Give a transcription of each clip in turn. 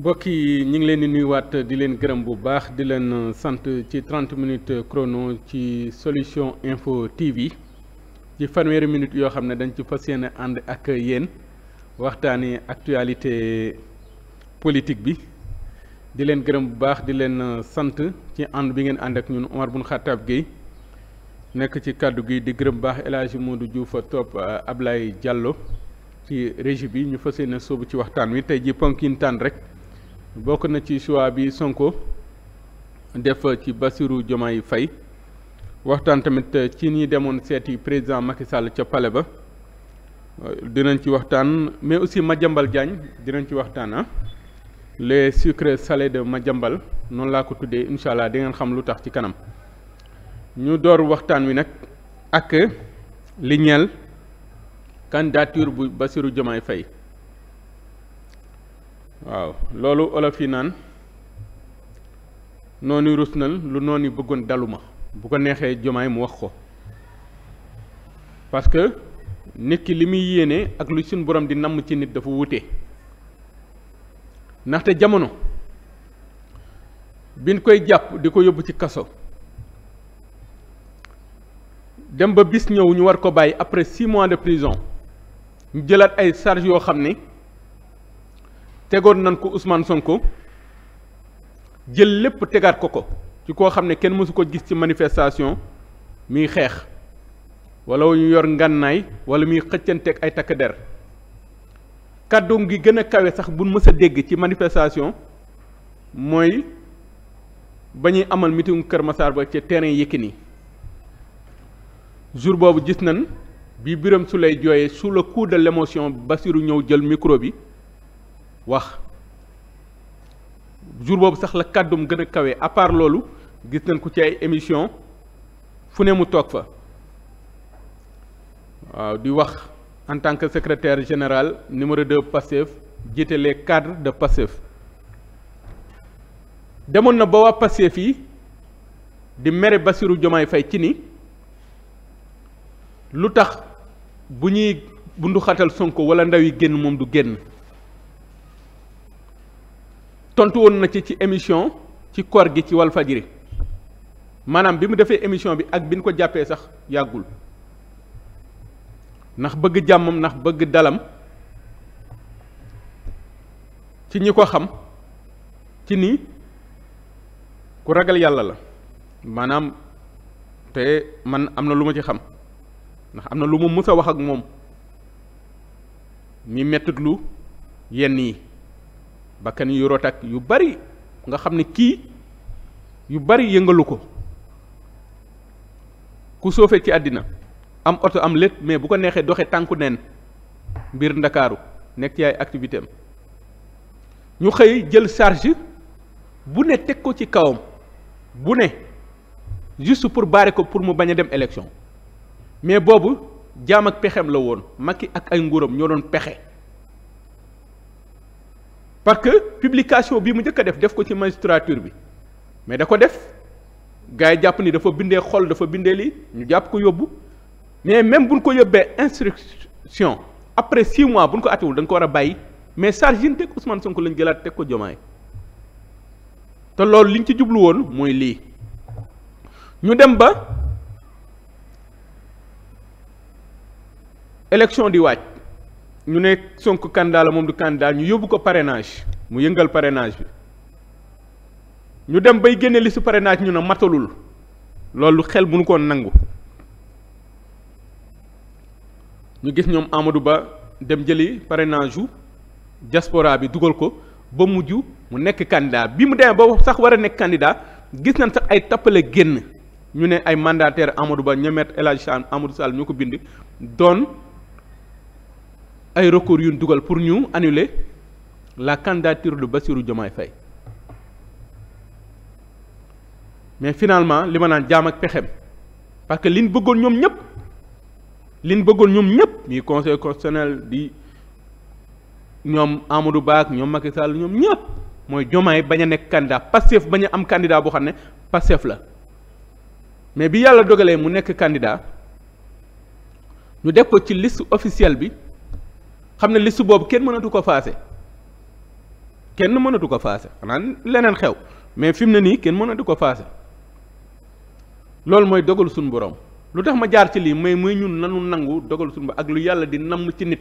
mbokk yi ñu ngi leen di nuyuwaat di leen gërëm bu baax di leen sant ci 30 minutes crono ci solution info TV ci fanweeri minutes yoo xam ne dañ ci fas yéene ànd ak yéen waxtaani actualité politique bi di leen gërëm bu baax di leen sant ci ànd bi ngeen ànd ak ñun Omar Bun Xattaab Gueye nekk ci kàddu gi di gërëm baax El Hadj Modou Diouf topp Ablaye Diallo ci régie bi ñu fas yéene soobu ci waxtaan wi tey ji ponkin rek. bokk na ci choix bi Sonko def ci Bassirou yi fay waxtaan tamit ci ñi demoon seeti président Macky Sall ca palais ba dinañ ci waxtaan mais aussi ma jambal Diagne dinañ ci waxtaan ah les sucres salés ma jambal noonu laa ko tuddee incha allah di ngeen xam lu tax ci kanam ñu door waxtaan wi nag ak li ñeel candidature bu Bassirou Diomaye fay waaw loolu olof yi naan noonu rus na lu noonu bëggoon daluma bu ko neexee jomaay mu wax ko parce que nit ki li muy yéene ak lu suñ borom di namm ci nit dafa wute ndaxte jamono biñ koy jàpp di ko yóbbu ci kaso dem ba bis ñëw ñu war ko bàyyi après six mois de prison ñu jëlaat ay charge yoo xam ne tegoon nañ ko son ko jël lépp tegaat ko ko ci koo xam ne kenn mësu ko gis ci manifestation muy xeex walla ñu yor ngànnaay wala muy xëccanteeg ay takk der kàddoom gi gën a kawe sax bu mës dégg ci manifestation mooy ba ñuy amal meeting Kër Massar ba ca terrain Yékini jour boobu gis nañ bi su lay jooyee su le coup de l'émotion Bassirou ñëw jël micro bi wax jour boobu sax la kàddum gën a kawe à part loolu gis nañ ko ci ay émission fu ne mu toog fa waaw di wax en tant que secrétaire général numéro de Pastef jiite les cadres de Pastef demoon na ba waa yi di mere Bassirou Diomaye fay ci ni lu tax bu ñuy bundu xatal Sonko wala ndaw yi génn moom du génn tontu woon na ci ci émission ci koor gi ci wal fajiri maanaam bi mu defee émission bi ak bi ko jàppee sax yàggul ndax bëgg jàmmam ndax bëgg dalam ci ñi ko xam ci ni ku ragal yàlla la maanaam te man am na lu ma ci xam ndax am na lu ma mës a wax ak moom mi mettit lu yenn yi bakkan yu rot ak yu bari nga xam ni kii yu bari yëngalu ko ku soofe ci àddina am oto am lépp mais bu ko neexee doxe tànku neen mbir ndakaaru nekk ci ay activité am ñu xëy jël charge bu ne teg ko ci kawam bu ne juste pour baare ko pour mu bañ a dem élection mais boobu jaam ak pexem la woon Macky ak ay nguuram ñoo doon pexe parce que publication bi mu njëkk a def def ko ci magistrature bi mais da ko def gars yi jàpp ni dafa bindee xol dafa bindee lii ñu jàpp ko yóbbu mais même buñ ko yóbbee instruction après si mois buñ ko atewul dañ ko war a bàyyi mais charge yi teg Ousmane Sonko lañ jëlaat teg ko Diomaye te loolu liñ ci jublu woon mooy lii ñu dem ba élection di wàcc ñu ne Sonko candidat la moom du candidat ñu yóbbu ko parrainage mu yëngal parrainage bi ñu dem bay génne li su ñu ne matalul loolu xel bu nu ko nangu ñu gis ñoom Amadou Ba dem jëli parrainage yu diaspora bi dugal ko ba mujj mu nekk candidat bi mu demee ba sax war a nekk candidat gis nañ sax ay tappale génn ñu ne ay mandataire Amadou Ba ñemeet El Hadj Sall Amadou Sall ñu ko bind doon ay recours yu ñu dugal pour ñu annuler la candidature ba Bassirou Diomaye Faye mais finalement li ma naan jaam ak pexem parce que liñ bëggoon ñoom ñëpp liñ bëggoon ñoom ñëpp muy conseil constitutionnel di ñoom Amadou Ba ak ñoom Macky Sall ñoom ñëpp mooy Diomaye bañ a nekk candidat Pastef bañ a am candidat boo xam ne Pastef la mais bi yàlla dogalee mu nekk candidat ñu def ko ci list officielle bi. xam ne liste boobu kenn mënatu ko faase kenn mënatu ko faase xanaa leneen xew mais fi mu ne nii kenn mënatu ko faase loolu mooy dogal suñu borom lu tax ma jaar ci lii mais muy ñun nanu nangu dogal suñ ba ak lu yàlla di namm ci nit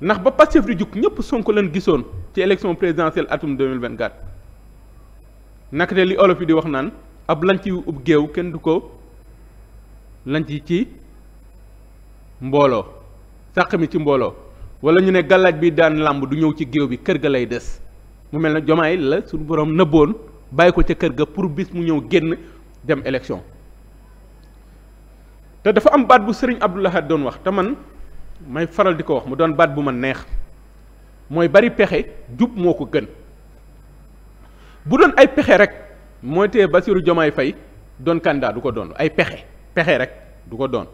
ndax ba Pastef di jukk ñëpp sonk leen gisoon ci élection présidentielle atum 2024 naka te li olof yi di wax naan ab lañ ci ub géew kenn du ko lañ ci ci mbooloo sàq mi ci mbooloo wala ñu ne gàllaaj bi daan làmb du ñëw ci géew bi kër ga lay des mu mel ne jomaay la suñu borom nëbboon bàyyi ko ca kër ga pour bis mu ñëw génn dem élection te dafa am baat bu sëriñ Abdoulaye doon wax te man may faral di ko wax mu doon baat bu ma neex mooy bari pexe jub moo ko gën bu doon ay pexe rek mooy tee Bassirou Diomaye fay doon candidat du ko doon ay pexe pexe rek du ko doon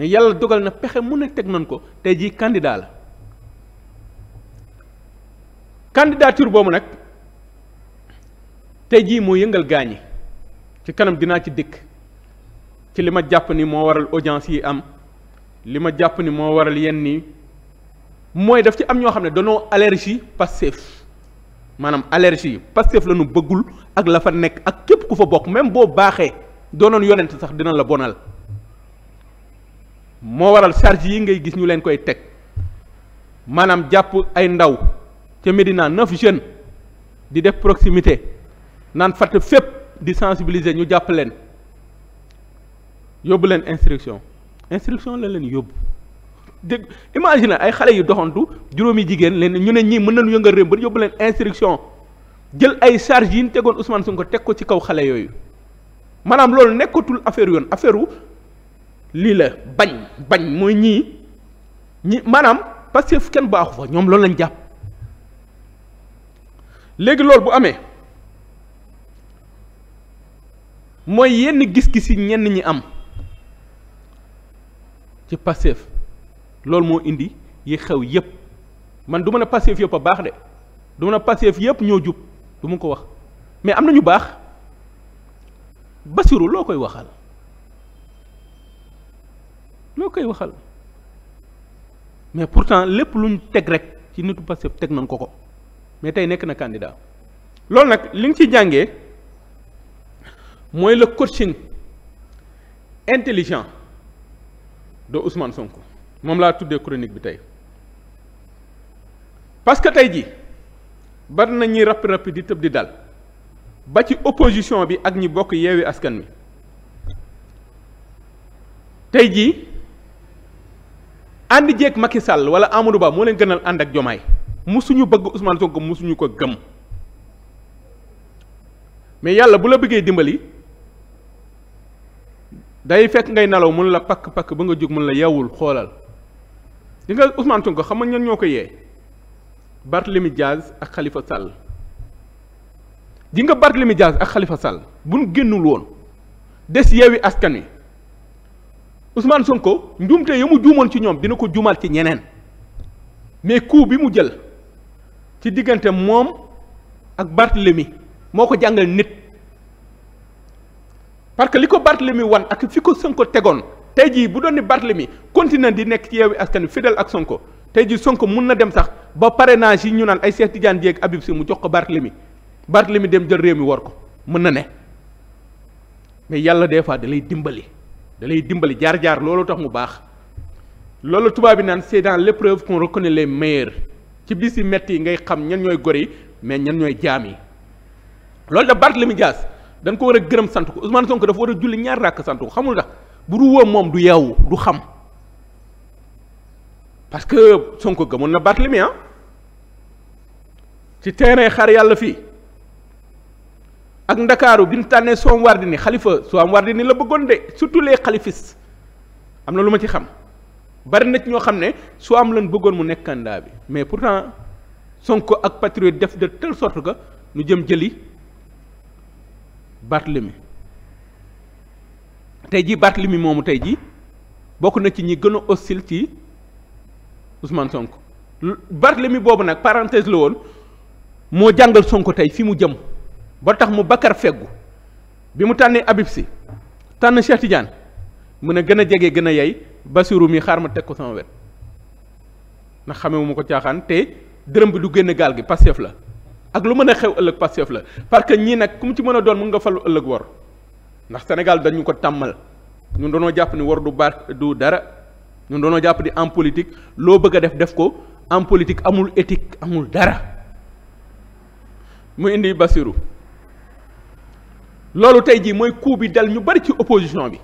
mais yàlla dogal na pexe mu ne teg nañ ko tey jii candidat la candidature boobu nag tey jii moo yëngal gaañi ci kanam dinaa ci dikk ci li ma jàpp ni moo waral audience yi am li ma jàpp ni moo waral yenn nii mooy daf ci am ñoo xam ne danoo allergie Pastef maanaam allergie Pastef la ñu bëggul ak la fa nekk ak képp ku fa bokk même boo baaxee doonoon yonent sax dina la bonal moo waral charge yi ngay gis ñu leen koy teg maanaam jàpp ay ndaw ca Médina neuf jeunes di def proximité naan fatt fépp di sensibiliser ñu jàpp leen yóbbu leen instruction instruction la leen yóbbu dégg imagine ay xale yu doxantu juróomi jigéen leen ñu ne ñii mën nañu yëngal réew ba yóbbu leen instruction jël ay charge yi ñu tegoon Ousmane ko teg ko ci kaw xale yooyu maanaam loolu nekkatul affaire yoon affaire wu lii la bañ bañ mooy ñii ñi maanaam parce que fu kenn baaxu fa ñoom loolu lañ jàpp léegi lool bu amee mooy yenn gis-gis yi ñenn ñi am ci Pastef loolu moo indi yi xew yépp man du ma ne Pastef yépp a baax de du ma ne Pastef yépp ñoo jub du ma ko wax mais am na ñu baax Basiru loo koy waxal. loo koy waxal mais pourtant lépp luñ teg rek ci nitu Pastef teg nañ ko ko mais tey nekk na candidat loolu nag li nga ci jàngee mooy le coaching intelligent de Ousmane sonk moom laa tuddee chronique bi tey parce que tey ji bari na ñuy rapp di tëb di dal ba ci opposition bi ak ñi bokk yeewi askan wi tey jii ànd jeeg Macky Sall wala Amadou Ba moo leen gënal ànd ak Jomaay musuñu bëgg Ousmane Sonko musuñu ko gëm mais yàlla bu la bëggee dimbali day fekk ngay nelaw mun la pakk pakk ba nga jóg mun la yeewul xoolal di nga Ousmane Sonko xam nga ñoo ko yee Barthélemy Diaz ak Khalifa Sall di nga Barthélemy Diaz ak Khalifa Sall buñ génnul woon des yeewi askan wi. Ousmane Sonko njuumte yi mu juumoon ci ñoom dina ko juumal ci ñeneen mais coup bi mu jël ci diggante moom ak Barthélemy moo ko jàngal nit parce que li ko Barthélemy wan ak fi ko sënko tegoon tey jii bu doon ni Barthélemy continue di nekk ci Yewwi Askan Wi fidèle ak Sonko tey ji Sonko mun na dem sax ba pare parrainage yi ñu naan ay Cheikh Tidiane Dièye ak si mu jox ko Barthélemy Barthélemy dem jël réew mi war ko mën na ne mais yàlla des fois da lay dimbali. dalay dimbali jaar-jaar loolu tax mu baax loolu tubaab bi naan c'est dans l'épreuve qu'on reconnaît les meilleurs ci bis yi métti yi ngay xam ñan ñooy gor mais ñan ñooy jaam yi loolu da Barthélemy Dias dañ ko war a gërëm sant ko Ousmane Sonko dafa war a julli ñaar ràkk sant ko xamul tax bu du woo moom du yeewu du xam parce que Sonko gëmoon na Barthélemy ah ci terrain xar yàlla fii ak ndakaaru bi ñu tànnee Soham Wardini xalifa Soham Wardini la bëggoon de surtout les xalifistes am na lu ma ci xam bari na ci ñoo xam ne Soham lan bëggoon mu nekk candidat bi mais pourtant ak patriote def de telle sorte que nu jëm jëli Barthélemy tey jii Barthélemy moomu tey jii bokk na ci ñi gën a hostile ci Ousmane Sonko Barthélemy boobu nag parenthèse la woon moo jàngal Sonko tey fi mu jëm. ba tax mu Bakar feggu bi mu tànnee Habib si tànn Cheikh Tidiane mën a gën a jege gën a yay Basiru mi xaar ma teg ko sama wet ndax xamewu ma ko jaaxaan te dërëm bi du génn gaal gi Pastef la ak lu mën a xew ëllëg Pastef la parce que ñii nag ku mu ci mën a doon mën nga falu ëllëg wor ndax Sénégal dañu ko tàmmal ñun doonoo jàpp ni wor du baar du dara ñun doonoo jàpp ni en loo bëgg a def def ko en amul éthique amul dara mu indi Basiru loolu tey jii mooy coup bi dal ñu bari ci opposition bi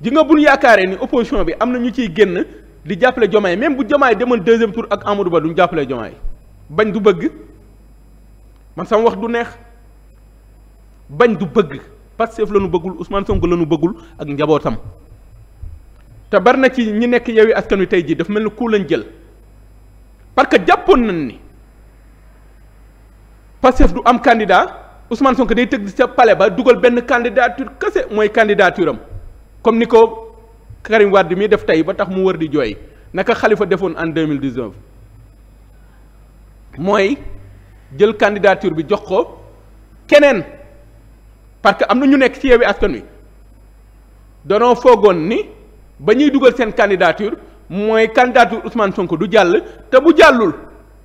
ji nga buñ yaakaaree ni opposition bi am na ñu ciy génn di jàppale Jomaay même bu Jomaay demal deuxième tour ak Amadou Ba duñ jàppale Jomaay bañ du bëgg man sama wax du neex bañ du bëgg Pastef la ñu bëggul Ousmane Sonko la ñu bëggul ak njabootam te bari na ci ñi nekk Yewwi Askan Wi tey jii daf mel ni ku lañ jël parce que jàppoon nañ ni Pastef du am candidat. Ousmane Sonko day tëgg ca pale ba dugal benn candidature kese mooy candidature am comme ni ko Karim Wade mi def tey ba tax mu wër di jooy naka xalifa defoon en deux mille dix-neuf mooy jël candidature bi jox ko keneen parce que am na ñu nekk ci Yewwi Askan Wi danoo foogoon ni ba ñuy dugal seen candidature mooy candidature Ousmane Sonko du jàll te bu jàllul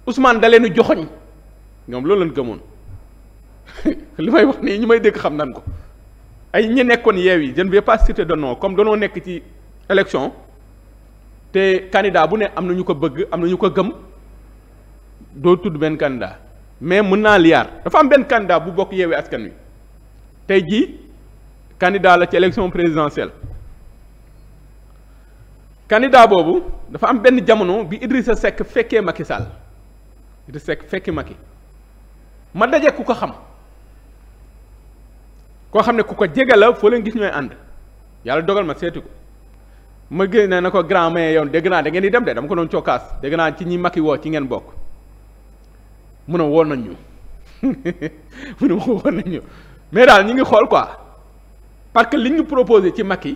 Ousmane da leen joxoñ ñoom loolu lañ gëmoon. li may wax nii ñu may dégg xam nan ko ay ñi nekkoon yeew yi je ne vais pas citer comme danoo nekk ci élection te candidat bu ne am na ñu ko bëgg am na ñu ko gëm doo tudd benn candidat mais mën naa liyaar dafa am benn candidat bu bokk yeewee askan wi tey jii candidat la ci élection présidentielle candidat boobu dafa am benn jamono bi Idrissa Seck fekkee Macky Sall Idrissa fekki fekkee Macky ma daje ku ko xam koo xam ne ku ko jege la foo leen gis ñooy ànd yàlla dogal ma seeti ko ma génn na ko grand maye yoon dégg naa da ngeen di dem de dama ko doon cokkaas dégg naa ci ñi makki woo ci ngeen bokk mun a woon nañ ñu mu ne woon nañ ñu mais daal ñu ngi xool quoi parce que li ñu proposé ci mag yi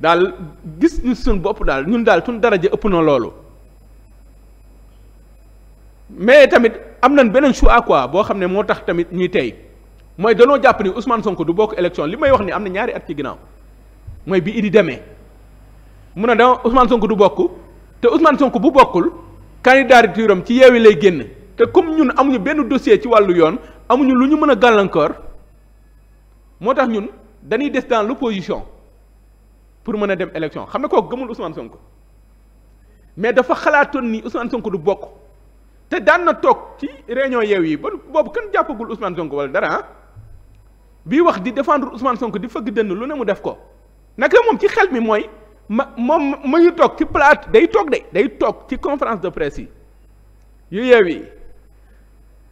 daal gis ñu suñ bopp daal ñun daal suñ daraja ëpp na loolu mais tamit am nañ beneen choix quoi boo xam ne moo tax tamit ñuy tey. mooy danoo jàpp ni Ousmane Sonko du bokk élection li may wax ni am na ñaari at ci ginnaaw mooy bi idi demee mu ne dama Ousmane Sonko du bokk te Ousmane Sonko bu bokkul candidature am ci yeewi lay génn te comme ñun amuñu benn dossier ci wàllu yoon amuñu lu ñu mën a gàllankoor moo tax ñun dañuy des dans l'opposition pour mën a dem élection xam ne koo gëmul Ousmane Sonko mais dafa xalaatoon ni Ousmane Sonko du bokk te daan na toog ci réunion yeew yi ba boobu kën jàppagul Ousmane Sonko wala dara ah bii wax di défendre Ousmane Sonko di fëgg dënn lu ne mu def ko naka moom ci xel mi mooy ma moom ma ñu toog ci plate day toog de day toog ci conférence de presse yi yu yeew yi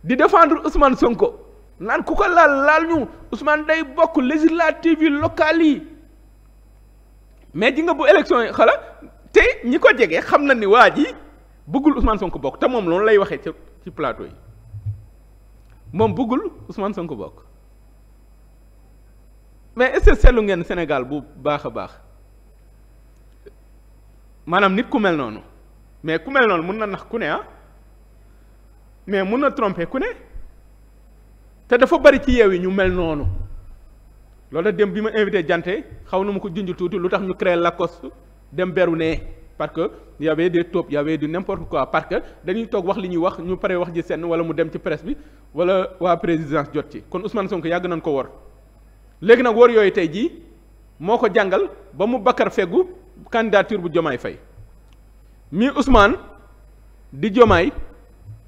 di défendre Ousmane Sonko naan ku ko laal laal ñu Ousmane day bokk législative yi locales yi mais ji nga bu élection yi xala te ñi ko jege xam na ni waa ji bëggul Ousmane Sonko bokk te moom loolu lay waxee ci plateau yi moom bëggul Ousmane Sonko bokk mais est-ce que seetlu ngeen Sénégal bu baax a baax maanaam nit ku mel noonu mais ku mel noonu mën na nax ku ne ah mais mun na tromper ku ne te dafa bari ci yeew yi ñu mel noonu loolu dem bi ma invité jante xaw na mu ko junj tuuti lu tax ñu créé Lacoste dem beru ne parce que y avait des taupes di avait du n'importe quoi parce que dañuy toog wax li ñuy wax ñu pare wax ji senn wala mu dem ci presse bi wala waa présidence jot ci kon Ousmane sonk yàgg nañ ko wor léegi nag wóor yooyu tey jii moo ko jàngal ba mu bakkar feggu candidature bu Jomaay Fay mi Ousmane di Jomaay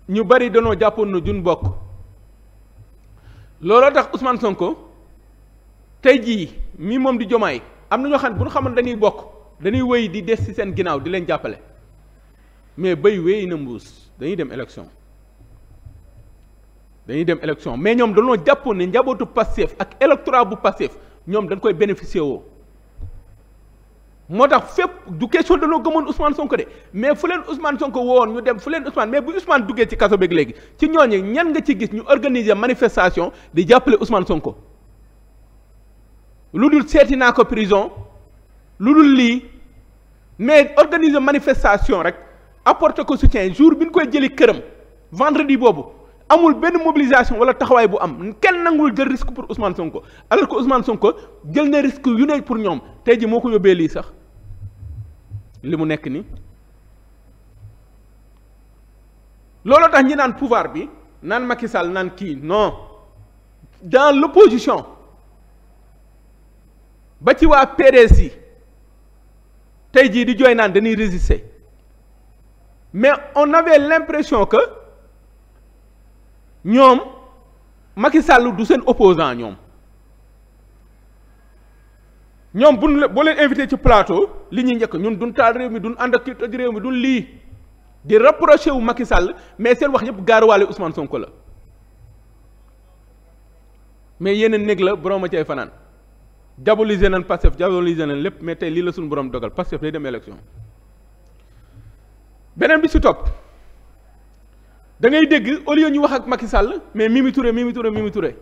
ñu bari danoo jàppoon na jun bokk looloo tax Ousmane Sonko tey jii mii moom di Jomaay am na ñoo xam ne bu ñu xamoon dañuy bokk dañuy wéy di des ci seen ginnaaw di leen jàppale mais béy wéy na mbuus dañuy dem élection dañuy dem élection mais ñoom dañoo jàppoon ne njabootu Pastef ak électorat bu Pastef ñoom dañ koy bénéficier woo moo tax fépp du question dañoo gëmoon Ousmane Sonko de mais fu leen Ousmane Sonko woon ñu dem fu leen Ousmane mais bu Ousmane duggee ci kaso beeg léegi ci ñooñu ñan nga ci gis ñu organiser manifestation di jàppale Ousmane Sonko lu dul seeti naa ko prison lu dul lii mais organiser manifestation rek apporter ko soutien jour bi ñu koy jëli këram vendredi boobu. amul benn mobilisation wala taxawaay bu am kenn nangul jël risque pour Ousmane Sonko alors que Ousmane Sonko jël na risque yu ne pour ñoom tey ji moo ko yóbbee lii sax li mu nekk nii. looloo tax ñi naan pouvoir bi naan Macky Sall naan kii non dans l'opposition ba ci waa PDS yi tey jii di jooy naan dañuy résister mais on avait l'impression que. ñoom Macky Sall du seen opposant ñoom ñoom buñ la boo invité ci plateau li ñuy njëkk ñun duñ taal réew mi duñ ànd ak toj réew mi duñ lii di rapproché wu Macky Sall mais seen wax yëpp gaaruwaale Ousmane Sonko la mais yeneen néeg la borom a cay fanaan diaboliser nañ Pastef diaboliser nañ lépp mais tey lii la suñ boroom dogal Pastef day dem élection beneen bi si topp. da ngay dégg au lieu ñu wax ak Macky Sall mais Mimi Touré Mimi Touré Mimi Touré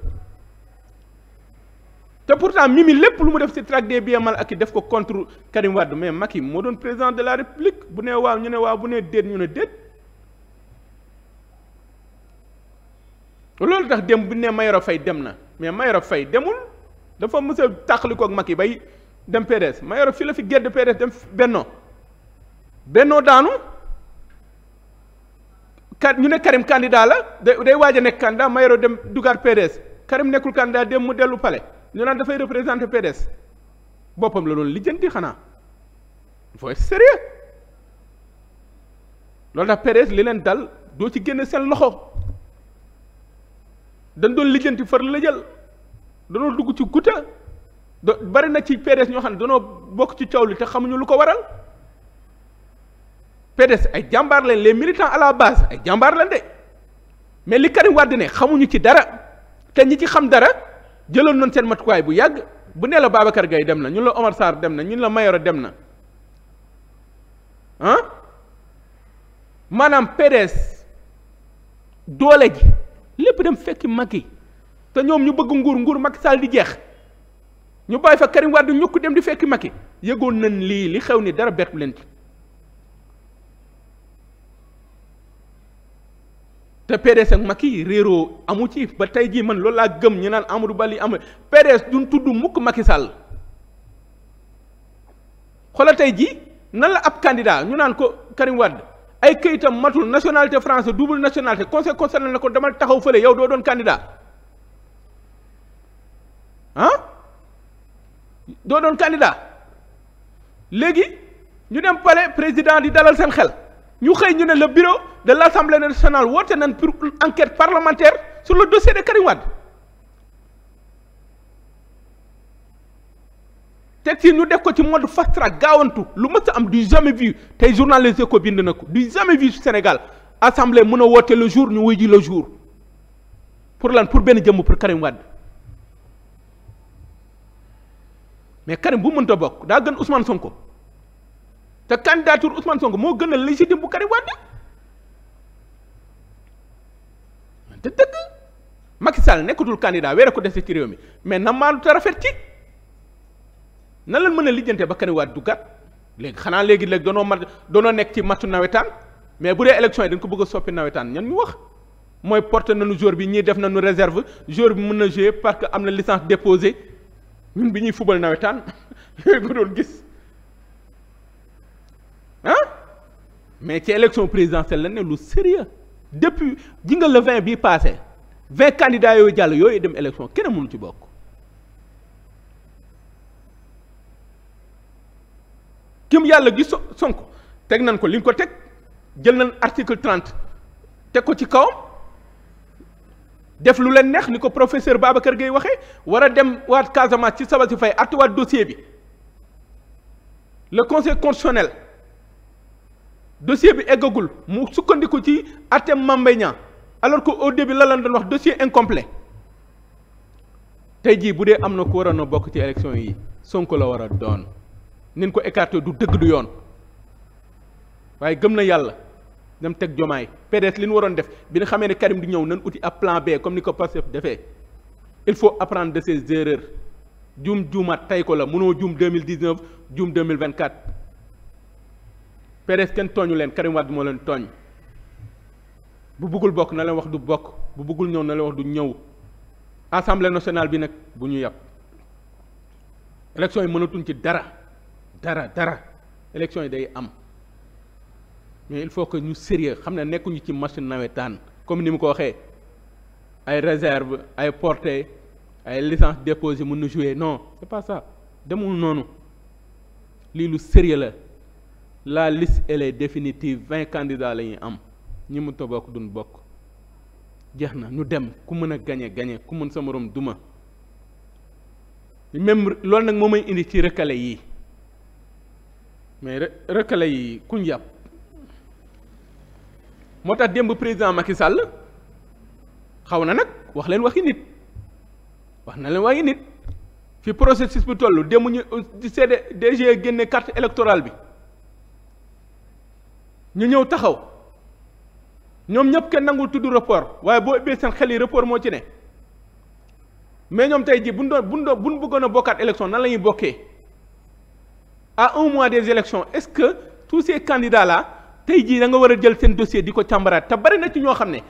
te pourtant Mimi lépp lu mu def si traque des biens ak acquis def ko contre Karim Wade mais yi moo doon président de la République bu ne waaw ñu ne waaw bu nee déet ñu ne déet loolu tax dem bu ne Mayoro fay dem na mais Mayoro Faye demul dafa mës a tàqali yi bay dem PDS Mayoro fi la fi gedd PDS dem Benno Benno daanu ka ñu ne Karim candidat la day waaj a nekk candidat Mayoro dem dugaat PDS Karim nekkul candidat dem mu dellu pale ñu naan dafay représenter PDS boppam la loolu lijjanti xanaa il faut être loolu tax PDS li leen dal doo ci génne seen loxo dañ doon lijjanti far la jël danoo dugg ci guta do bari na ci PDS ñoo xam ne danoo bokk ci coow li te xamuñu lu ko waral PDS ay jàmbaar leen les militants à la base ay jàmbaar leen de mais li Karim Wade ne xamuñu ci dara te ñi ci xam dara jëloon noonu seen matukaay bu yàgg bu ne la Babacar Gaye dem na ñun la Omar Sarr dem na ñun la Mayoro dem na ah maanaam PDS doole ji lépp dem fekki yi te ñoom ñu bëgg nguur nguur Macky Sall di jeex ñu bàyyi fa Karim Wade ñukk dem di fekki yi yëgoon nañ lii li xew ni dara bettu leen ci te PDS ak Macky réeroo amu ci ba tey jii man loolu laa gëm ñi naan Amadou Ba lii am PDS duñ tudd mukk Macky Sall xoolal tey jii nan la ab kandidaa ñu naan ko Karim Wade ay këyitam matul nationalité française double nationalité conseil constitutionnel na ko demal taxaw fële yow doo doon candidat ah doo doon candidat léegi ñu dem pale président di dalal seen xel. ñu xëy ñu ne la bureau de l' assemblée nationale woote nan pour une enquête parlementaire su la dossier de Karim Wade teg ci ñu def ko ci mode fast gaawantu lu mës a am du jamais vu tey journaliste ko bind na ko du jamais vu Sénégal assemblée mën a woote le jour ñu wuy ji le jour pour lan pour benn jëmm pour Karim Wade mais Karim bu mënta bokk daa gën Ousmane ko te candidature Ousmane Sonko moo gën a légitime bu Karim Wade te dëgg Macky Sall nekkatul candidat weere ko dese ci réew mi mais na maanu te rafet ci na leen mën a lijjante ba Karim Wade duggaat léegi xanaa léegi léegi doonoo mat doonoo nekk ci mattu nawetaan mais bu dee election yi dañ ko bëgg soppi nawetaan ñan ñu wax mooy porté nañu jour bi ñii def nañu réserve jour bi mën na jouer parce que am na licence déposé ñun bi ñuy fubal nawetaan yooyu gis ah mais ci élection présidentielle lañ ne lu sérieux depuis ji nga vingt bii passé vingt candidats yooyu jàll yooyu dem élection kenn mënu ci bokk kim yàlla gi so Sonko teg nañ ko li ñu ko teg jël nañ article trent teg ko ci kawam def lu leen neex ni ko professeur kër gay waxee war a dem waat Casamance ci sabal si fay attuwaat dossier bi le conseil constitutionnel dossier bi eggagul mu sukkandiku ci atem Mame Mbaye Niang alors que au début la lan doon wax dossier incomplet tey jii bu dee am na ku waroon a bokk ci élection yi Sonko la war a doon nin ko écarté du dëgg du yoon waaye gëm na yàlla dem teg jomaay PDS li ñu waroon def bi nga xamee ne Karim du ñëw nan uti ab plan B comme ni ko Pastef defee il faut apprendre de ses erreurs juum juumaat tey ko la mënoo juum 2019 juum 2024 PDS kenn tooñu leen Karim Wade moo leen tooñ bu buggul bokk na leen wax du bokk bu buggul ñëw na leen wax du ñëw assemblée nationale bi nag bu ñu yàpp élection yi mënatuñ ci dara dara dara élection yi day am mais il faut que ñu sérieux xam ne nekkuñu ci machine nawetaan comme ni mu ko waxee ay réserve ay portée ay licence déposée mën na jouer non c'est pas ça demul noonu lii lu sérieux la la liste elle est définitive vingt candidats lañuy am ñi mu tobook duñ bokk jeex na ñu dem ku mën a gañe gañe ku mën sa moroom duma même loolu nag moom may indi ci recalé yi mais recalé yi kuñ yàpp moo tax démb président Macky Sall xaw na nag wax leen waxi nit wax na leen waxi nit fi processus bu toll démb ñu di seede DG génne carte électorale bi ñu ñëw taxaw ñoom ñëpp kenn nangul tudd rapport waaye boo ubbee seen xel yi rapport moo ci ne mais ñoom tey jii buñ doon buñ doon buñ bëggoon a bokkaat élection nan la ñuy bokkee à un mois des élections est-ce que tous ces candidats là tey jii da war a jël seen dossier di ko càmbaraat te bari na ci ñoo xam ne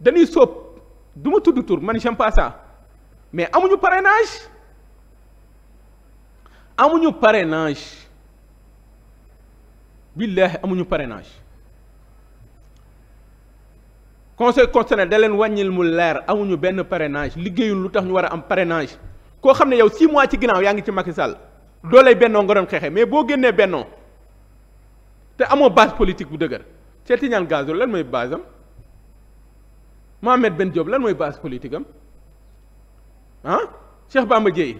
dañuy sóob du ma tudd tur man j'aime pas mais amuñu parenage amuñu parrainage. billaahi amuñu parrainage conseil constitutionnel da leen wàññil mu leer amuñu benn parrainage liggéeyul lu tax ñu war a am parrainage koo xam ne yow 6 mois ci ginnaaw yaa ngi ci Macky Sall dooley bennoo nga doon xeexee mais boo génnee bennoo te amoo base politique bu dëgër Cheikh Tidiane Gazo lan mooy base am Mohamed benn Diop lan mooy base politique am ah Cheikh Bamba Dièye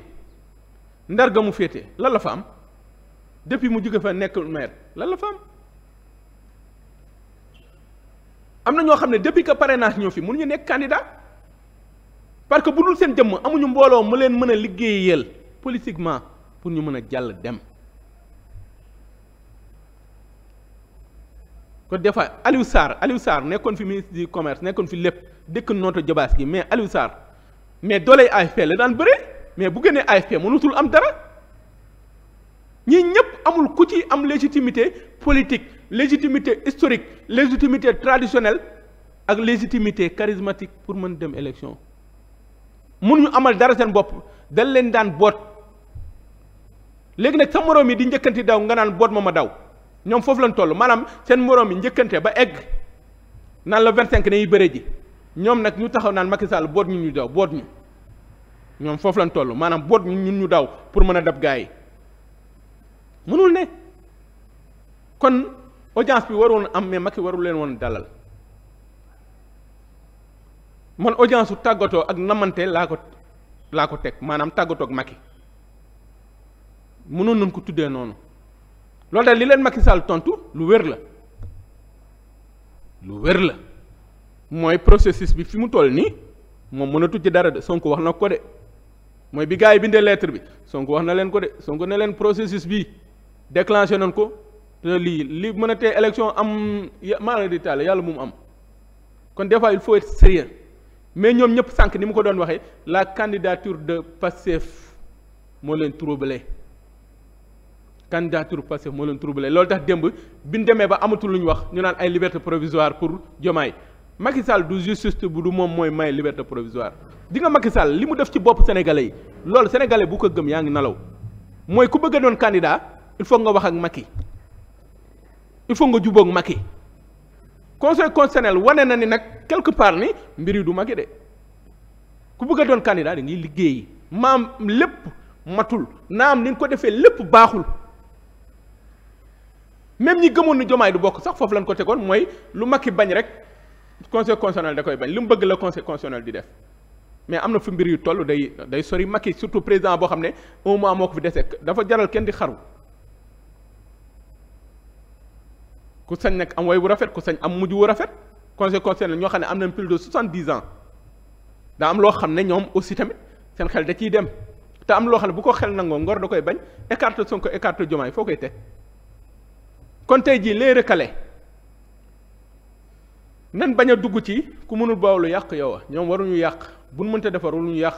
ndar ga mu féete lan la fa am. depuis mu jóge fa nekk maire lan la fa am na ñoo xam ne depuis que parrainage ñoo fi ñu nekk candidat parce que bu dul seen jëmm amuñu mbooloo mu leen mën a liggéeyal politiquement pour ñu mën a jàll dem ko des fois Aliou Sarr Aliou Sarr nekkoon fi ministre du commerce nekkoon fi lépp dëkk nooto jabaas gi mais Aliou Sarr mais dooley AFP la daan bëre mais bu génnee AFP mënutul am dara ñii ñëpp amul ku ci am légitimité politique légitimité historique légitimité traditionnelle ak légitimité charismatique pour mën dem élection mun ñu amal dara seen bopp dañ leen daan boot léegi nag sa morom yi di njëkkanti daw nga naan boot ma ma daw ñoom foof lañ toll maanaam seen morom yi njëkkante ba egg naan la 25 nañuy bëre ji ñoom nag ñu taxaw naan Macky Sall boot ñu ñu daw boot ñu ñoom foofu lañ toll maanaam boot ñu ñun ñu daw pour mën a dab gaa yi. mënul ne kon audience bi waroon am mais Macky warul leen woon dalal man audience su tàggatoo ak namante laa ko laa ko teg maanaam tàggatook ak Macky mënoon nañ ko tuddee noonu loolu daal li leen Macky Sall tontu lu wér la lu wér la mooy processus bi fi mu toll nii moom mënatu ci dara de Sonko wax na ko de mooy bi gars yi bindee lettre bi Sonko wax na leen ko de Sonko ne leen processus bii. déclenché nañ ko te lii li mën a tee élection am maa la di taale yàlla mu am kon des fois il faut être sérieux mais ñoom ñëpp sànq ni mu ko doon waxee la candidature de Pastef moo leen troublé candidature Pastef moo leen troublé loolu tax démb bi ñu demee ba amatul lu ñu wax ñu naan ay liberté provisoire pour Diomaye Macky Sall du justice bu du moom mooy may liberté provisoire di nga Macky Sall li mu def ci bopp sénégalais yi loolu sénégalais bu ko gëm yaa ngi il faut nga wax ak Macky il faut nga jubóog Macky conseil constitutionnel wane na ni nag quelque part ni mbir yi du Macky de ku bëgg a doon candidat da ngay liggéey maam lépp matul naam ni ko defee lépp baaxul même ñi gëmoon ni jomaay du bokk sax foofu lañ ko tegoon mooy lu Macky bañ rek conseil constitutionnel da koy bañ li mu bëgg la conseil constitutionnel di def mais am na fu mbir yu toll day day sori Macky surtout président boo xam ne un mois moo ko fi desee dafa jaral kenn di xaru. ku sañ nag am way bu rafet ku sañ am mujj wu rafet conseil concerné ñoo xam ne am na plus de soixante dix ans daa am loo xam ne ñoom aussi tamit seen xel da ciy dem te am loo xam ne bu ko xel nangoo ngor da koy bañ écarte Sonko écarte Diomaye foo koy teg kon tey jii les recalés nan bañ a dugg ci ku mënul lu yàq yow a ñoom waruñu yàq buñ mënta defar ñu yàq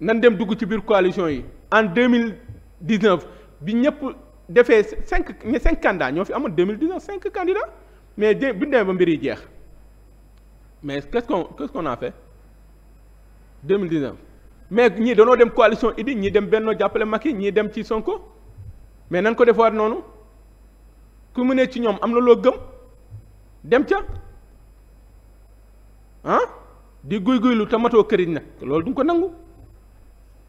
nan dem dugg ci biir coalition yi en deux mille dix-neuf bi ñëpp defee cinq ñu cinq candidats ñoo fi amoon deux mille dix neuf cinq candidats mais dé bu ñu ba mbir yi jeex mais qu'est-ce qu'on qu'est-ce qu'on a deux mille dix neuf mais ñii danoo dem coalition Idy ñii dem Benno jàppale yi ñii dem ci Sonko mais nan ko defaat noonu ku mu ne ci ñoom am na loo gëm dem ca ah di guy guylu tamatoo këriñ nag loolu du nga ko nangu.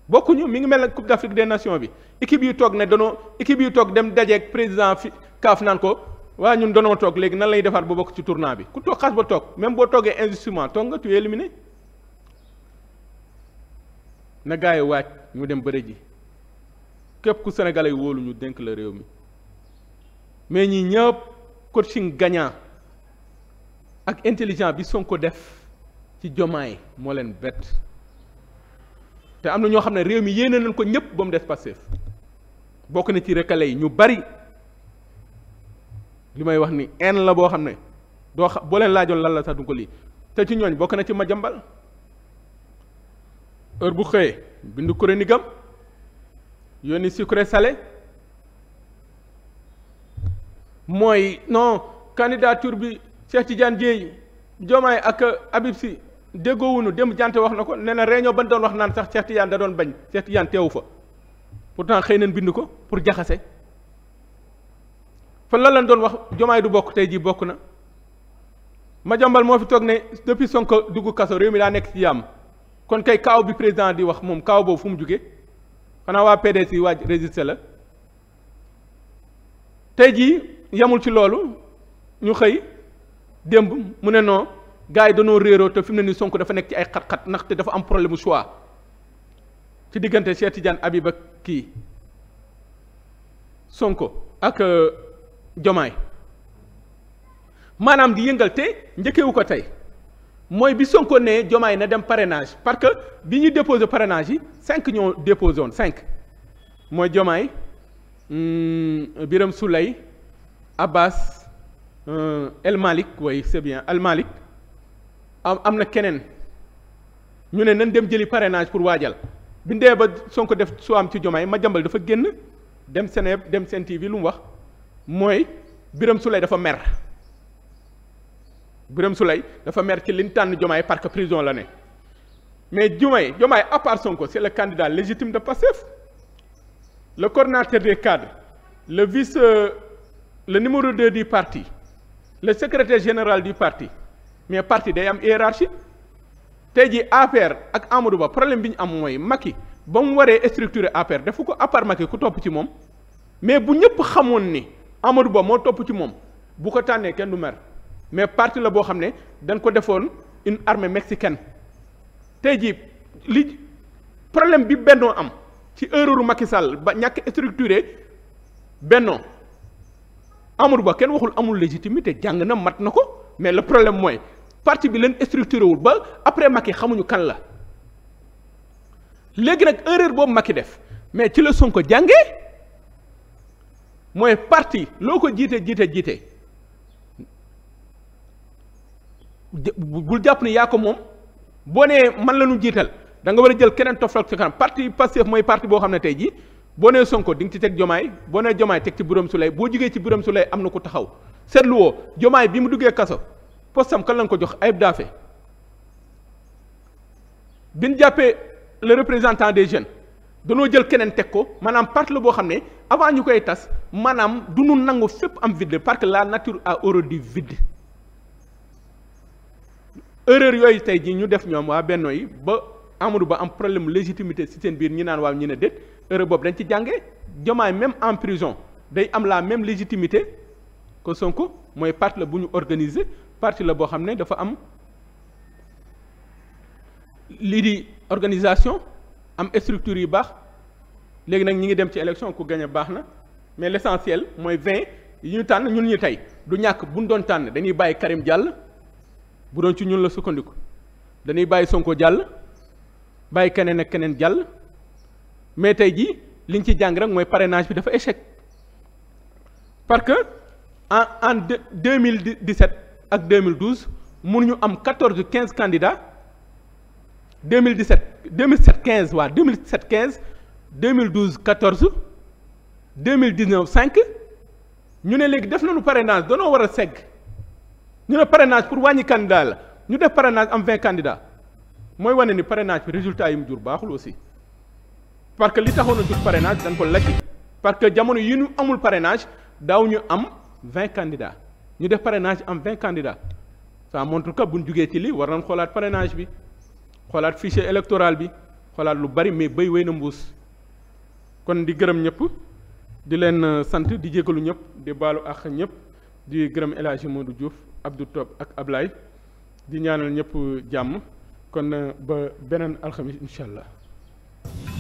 bokkuñu mi ngi mel ne Coupe d'Afrique de Nations bi équipe yu toog ne danoo équipe yu toog dem dajeeg président fi kaaf naan ko waa ñun danoo toog léegi nan lay defar ba bokk ci tournoi bi ku toog xas ba toog même boo toogee injustement toog nga tu es éliminé na gars yi waaj ñu dem bëre ji képp ku sénégalais yi wóolu ñu dénk la réew mi mais ñi ñëpp coaching gagnant ak intelligent bi Sonko def ci jomaay moo leen bett am na ñoo xam ne réew mi yéene nañ ko ñëpp ba mu des Pastef bokk na ci recalés yi ñu bari li may wax ni en la boo xam ne doo xam boo leen laajoon lan la sax du ko lii te ci ñooñ bokk na ci ma jambal heure bu xëyee bindu chronique am yónni sucré salé mooy non candidature bi Cheikh Tidiane Dièye Diomaye ak Habib Sy déggoowunu démb jante wax na ko nee na réunion ban doon wax naan sax Cheikh Tidiane da doon bañ Cheikh Tidiane teewu fa pourtant xëy nañ bind ko pour jaxase fan la leen doon wax jomaay du bokk tey jii bokk na ma jambal moo fi toog ne depuis Sonko dugg kaso réew mi daa nekk ci yàmm kon kay kaaw bi président di wax moom kaaw boobu fu mu jóge xanaa waa PDS yi waaj résisté la tey jii yamul ci loolu ñu xëy démb mu ne noo gars yi danoo réeroo te fi mu ne Sonko dafa nekk ci ay xat-xat ndaxte dafa am problème mu choix ci diggante Cheikh Tidiane Habib ak kii Sonko ak Jomaay euh, maanaam di yëngal te njëkkewu ko tey mooy bi Sonko ne Jomaay na dem parrainage parce que bi ñuy déposé parrainage yi cinq ñoo déposé woon cinq mooy Jomaay hmm, Biram Souley Abbas euh, El Malik oui c'est bien El Malik am am na keneen ñu ne nañ dem jëli parrainage pour waajal bindee ndee ba Sonko def soo am ci ma Madiambal dafa génn dem Seneweb dem Sen TV lu mu wax mooy Birame Souleye dafa mer Birame Souleye dafa mer ci liñ tànn Diomaye parce que prison la ne mais Diomaye Diomaye à part Sonko c'est le candidat légitime de Pastef le coordinateur des cadres le vice euh, le numéro 2 du parti le secretaire général du parti mais parti day am hiérarchie tey ji APR ak Amadou Ba problème bi ñu am mooy Macky ba mu waree structurer APR dafa ko à part ku topp ci moom mais bu ñëpp xamoon ni Amadou Ba moo topp ci moom bu ko tànnee kenn du mer mais parti la boo xam ne dañ ko defoon une armée mexicaine tey ji li problème bi bennoo am ci erreur Macky Sall ba ñàkk structuré bennoo Amadou Ba kenn waxul amul légitimité jàng na mat na ko mais le problème mooy parti bi leen structuré wul ba après yi xamuñu kan la léegi nag erreur boobu Macky def mais ci la Sonko jànge mooy parti loo ko jiite jiite jiite bul jàpp ne yaa ko moom boo nee man la ñu jiital da nga war a jël keneen toftal ci kanam parti Pastef mooy parti boo xam ne tey jii boo nee Sonko di nga ci teg Jomaay boo nee Jomaay teg ci su Souleye boo jugee ci Birame Souleye am na ku taxaw seetlu woo Jomaay bi mu duggee kaso poste am kan lañ ko jox Ayib Daffé bi jàppee le représentant des jeunes danoo jël keneen teg ko maanaam parti la boo xam ne avant ñu koy tas maanaam du nu nangu fépp am vide parce que la nature a horreur du vide erreur yooyu tey jii ñu def ñoom waa Benno yi ba Amadou Ba am problème légitimité ci seen biir ñi naan waaw ñu ne déet erreur boobu dañ ci jàngee Diomaye même en prison day am la même légitimité que Sonko mooy parti la bu ñu organiser parti la boo xam ne dafa am lii di organisation am structure yu baax léegi nag ñi ngi dem ci élection ku gañ a baax na mais l'essentiel mooy vingt yu ñu tànn ñun ñu tey du ñàkk bu ñu doon tànn dañuy bàyyi Karim jàll bu doon ci ñun la sukkandiku dañuy bàyyi Sonko jàll bàyyi keneen ak keneen jàll mais tey jii liñ ci jàng rek mooy parrainage bi dafa échec parce que en de deux mille dix-sept ak 2012 ñu am 14 15 candidats 2017 2017 15 waa 2017 15 2012 14 2019 5 ñu ne léegi def nañu parrainage danoo war a segg ñu ne parrainage pour wàññi candidat la ñu def parrainage am 20 candidats mooy wane ni parrainage bi résultat yi mu jur baaxul aussi parce que li taxoon a jur parrainage dañ ko lekk parce que jamono yi nu amul parrainage daaw ñu am 20 candidats. ñu def parrainage am vingt candidats saa montre que bu ñu jugee ci li war nañ xoolaat parrainage bi xoolaat fichier électoral bi xoolaat lu bari mais béy wéy na mbuus kon di gërëm ñëpp di leen euh, sant di jégalu ñëpp di baalu ak ñëpp di gërëm El Hadji Modou Diouf Abdou Top ak Ablaye di ñaanal ñëpp euh, jàmm kon euh, ba beneen alxamis incha allah.